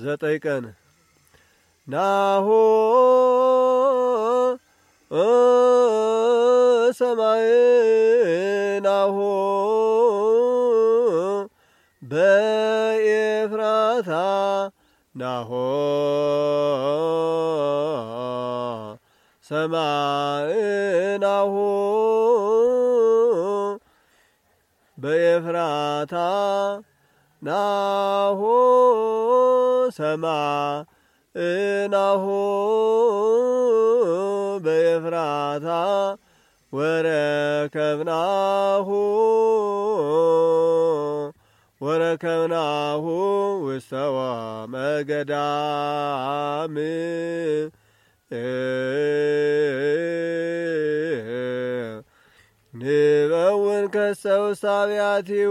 ዘጠኝ ቀን ናሆ ሰማይ ናሆ በኤፍራታ ናሆ ሰማይ ናሆ በኤፍራታ ናሆ ሰማ እናሆ በኤፍራታ ወረከብናሁ ወረከብናሁ ውስተዋ መገዳም ንበውን ከሰው ሳቢያቲሁ